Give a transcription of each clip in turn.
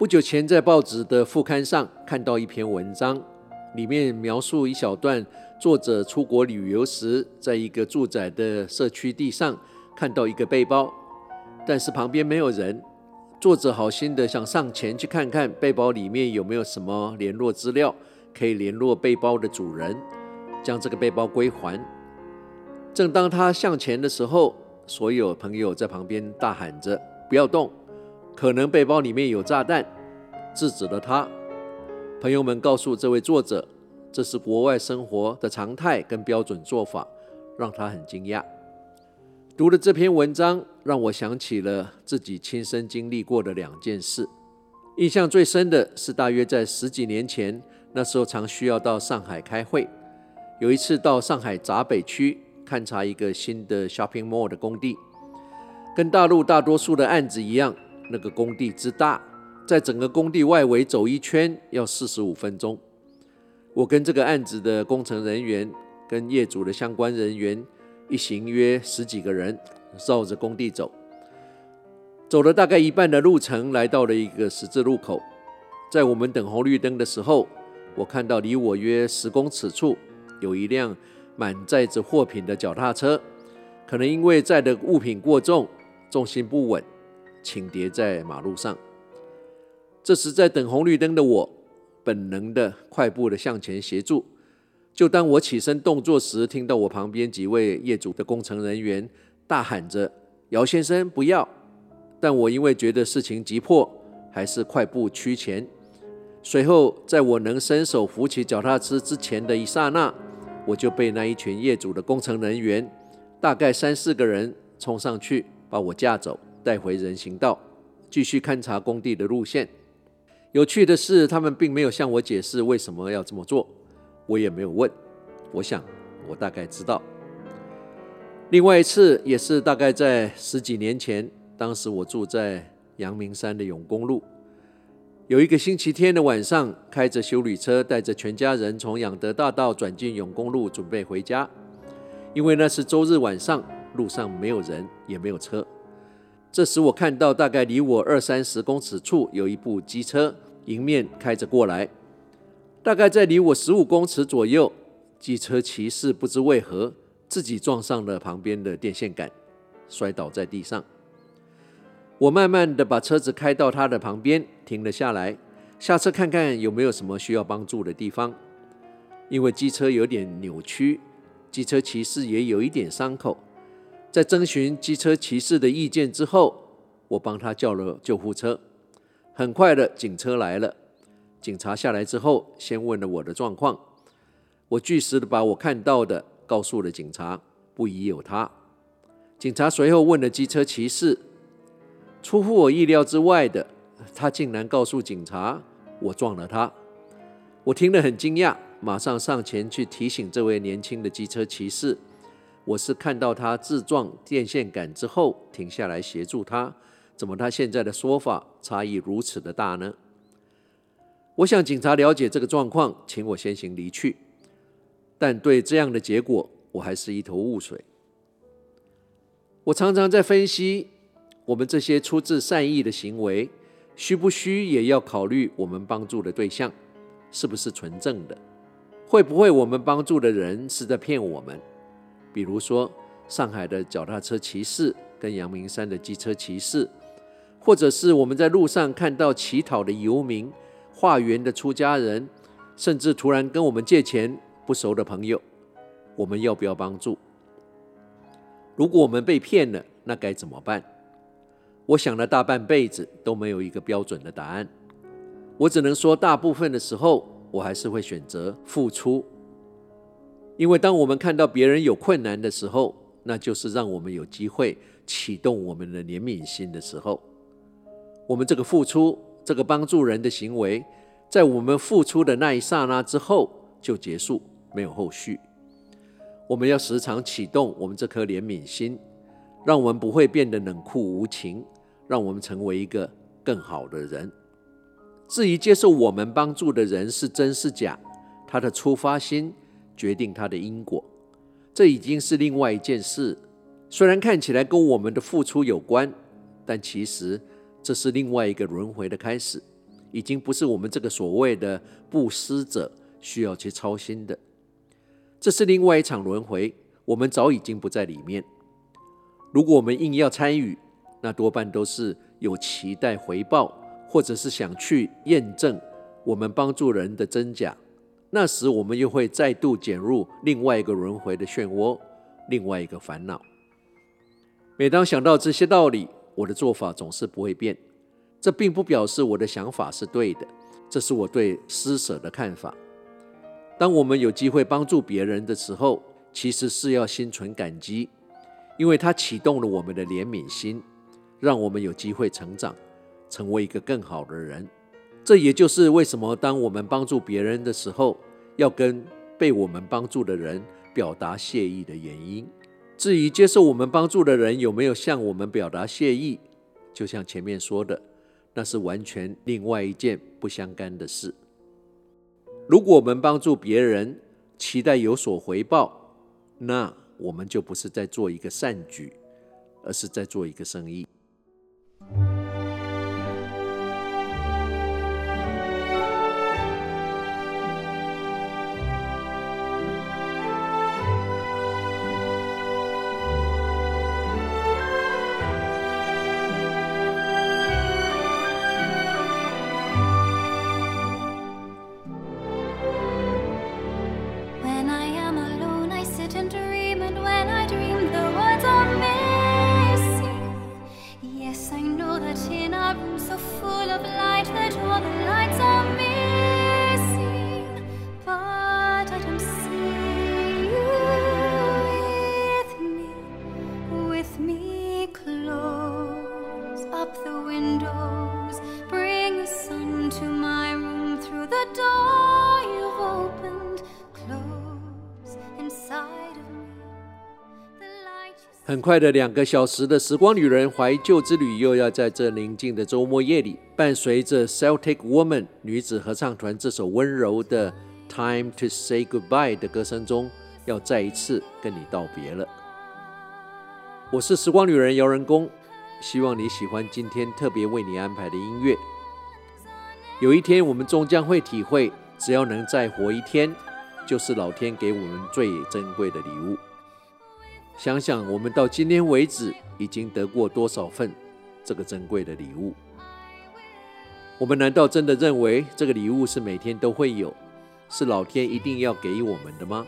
不久前，在報紙的副刊上看到一篇文章，裡面描述一小段作者出國旅遊時，在一個住宅的社區地上看到一個背包，但是旁邊沒有人。作者好心的想上前去看看背包裡面有沒有什麼聯絡資料，可以聯絡背包的主人，將這個背包歸還。正當他向前的時候，所有朋友在旁邊大喊着：“不要動！”可能背包裡面有炸彈，制止了他。朋友們告訴這位作者，這是國外生活的常態跟標準做法，讓他很驚訝。讀了這篇文章，讓我想起了自己親身經歷過的兩件事。印象最深的是，大約在十幾年前，那時候常需要到上海開會。有一次到上海閘北區勘察一個新的 shopping mall 的工地，跟大陸大多數的案子一樣。那個工地之大，在整個工地外圍走一圈，要四十五分鐘。我跟這個案子的工程人員、跟業主的相關人員一行約十幾個人繞着工地走，走了大概一半的路程，來到了一個十字路口。在我們等紅綠燈的時候，我看到離我約十公尺處有一輛滿載着貨品的腳踏車，可能因為載的物品過重，重心不穩，傾跌在馬路上。這時，在等紅綠燈的我，本能的快步的向前協助。就當我起身動作時，聽到我旁邊幾位業主的工程人員大喊着：“姚先生，不要！”但我因為覺得事情急迫，還是快步趨前。隨後，在我能伸手扶起腳踏車之前的一剎那，我就被那一群業主的工程人員，大概三四個人衝上去，把我架走。帶回人行道，繼續勘察工地的路線。有趣的是，他們並沒有向我解釋為什麼要這麼做，我也沒有問。我想，我大概知道。另外一次也是大概在十幾年前，當時我住在陽明山的永公路，有一個星期天的晚上，開着休旅車，帶着全家人從仰德大道轉進永公路，準備回家。因為那是周日晚上，路上沒有人，也沒有車。這時我看到，大概離我二三十公尺處有一部機車迎面開着過來，大概在離我十五公尺左右，機車騎士不知為何自己撞上了旁邊的電線桿，摔倒在地上。我慢慢的把車子開到他的旁邊，停了下來，下車看看有沒有什麼需要幫助的地方，因為機車有點扭曲，機車騎士也有一點傷口。在徵詢機車騎士的意見之後，我幫他叫了救護車。很快的，警車來了。警察下來之後，先問了我的狀況。我據實的把我看到的告訴了警察，不疑有他。警察隨後問了機車騎士，出乎我意料之外的，他竟然告訴警察我撞了他。我聽了很驚訝，馬上上前去提醒這位年輕的機車騎士。我是看到他自撞電線桿之後停下來協助他，怎麼他現在的說法差異如此的大呢？我想警察了解這個狀況，請我先行離去。但對這樣的結果，我還是一頭霧水。我常常在分析我們這些出自善意的行為，需不需也要考慮我們幫助的對象是不是純正的？會不會我們幫助的人是在騙我們？比如說，上海的腳踏車騎士跟陽明山的機車騎士，或者是我們在路上看到乞討的遊民、化緣的出家人，甚至突然跟我們借錢不熟的朋友，我們要不要幫助？如果我們被騙了，那該怎麼辦？我想了大半輩子都沒有一個標準的答案，我只能說，大部分的時候，我還是會選擇付出。因為當我們看到別人有困難的時候，那就是讓我們有機會啟動我們的憐憫心的時候。我們這個付出、這個幫助人的行為，在我們付出的那一剎那之後就結束，沒有後續。我們要時常啟動我們這顆憐憫心，讓我們不會變得冷酷無情，讓我們成為一個更好的人。至於接受我們幫助的人是真是假，他的初發心，決定他的因果，這已經是另外一件事。雖然看起來跟我們的付出有關，但其實這是另外一個輪迴的開始，已經不是我們這個所謂的布施者需要去操心的。這是另外一場輪迴，我們早已經不在裡面。如果我們硬要參與，那多半都是有期待回報，或者是想去驗證我們幫助人的真假。那時，我們又會再度卷入另外一個輪回的漩渦，另外一個煩惱。每當想到這些道理，我的做法總是不會變。這並不表示我的想法是對的，這是我對施舍的看法。當我們有機會幫助別人的時候，其實是要心存感激，因為它啟動了我們的憐憫心，讓我們有機會成長，成為一個更好的人。這也就是為什麼，當我們幫助別人的時候，要跟被我們幫助的人表達謝意的原因。至於接受我們幫助的人有沒有向我們表達謝意，就像前面說的，那是完全另外一件不相干的事。如果我們幫助別人，期待有所回報，那我們就不是在做一個善舉，而是在做一個生意。很快的兩個小時的時光旅人懷舊之旅又要在這寧靜的周末夜裡，伴隨着 Celtic Woman 女子合唱團這首溫柔的《Time to Say Goodbye》的歌聲中，要再一次跟你道別了。我是時光旅人姚仁公，希望你喜歡今天特別為你安排的音樂。有一天，我們終將會體會，只要能再活一天，就是老天給我們最珍貴的禮物。想想我們到今天為止已經得過多少份這個珍貴的禮物？我們難道真的認為這個禮物是每天都會有，是老天一定要給我們的嗎？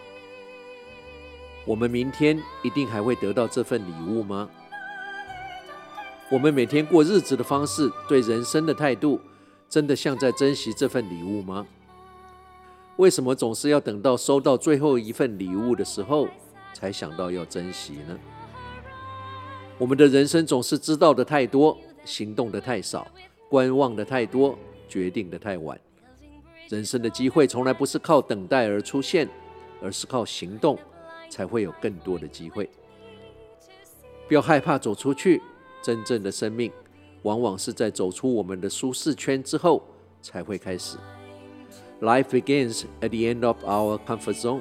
我們明天一定還會得到這份禮物嗎？我們每天過日子的方式，對人生的態度，真的像在珍惜這份禮物嗎？為什麼總是要等到收到最後一份禮物的時候？才想到要珍惜呢。我們的人生總是知道的太多，行動的太少，觀望的太多，決定的太晚。人生的機會從來不是靠等待而出現，而是靠行動才會有更多的機會。不要害怕走出去。真正的生命，往往是在走出我們的舒適圈之後才會開始。Life begins at the end of our comfort zone.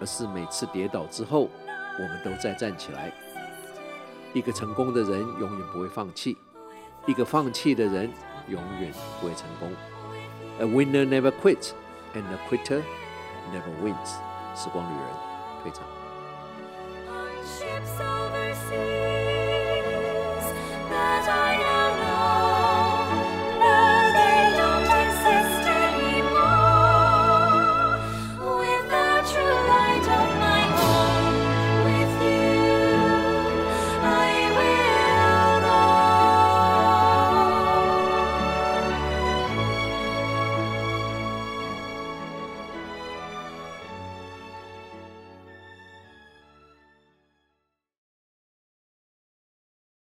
而是每次跌倒之後，我們都再站起來。一個成功的人永遠不會放棄，一個放棄的人永遠不會成功。A winner never quits, and a quitter never wins。時光旅人退場。非常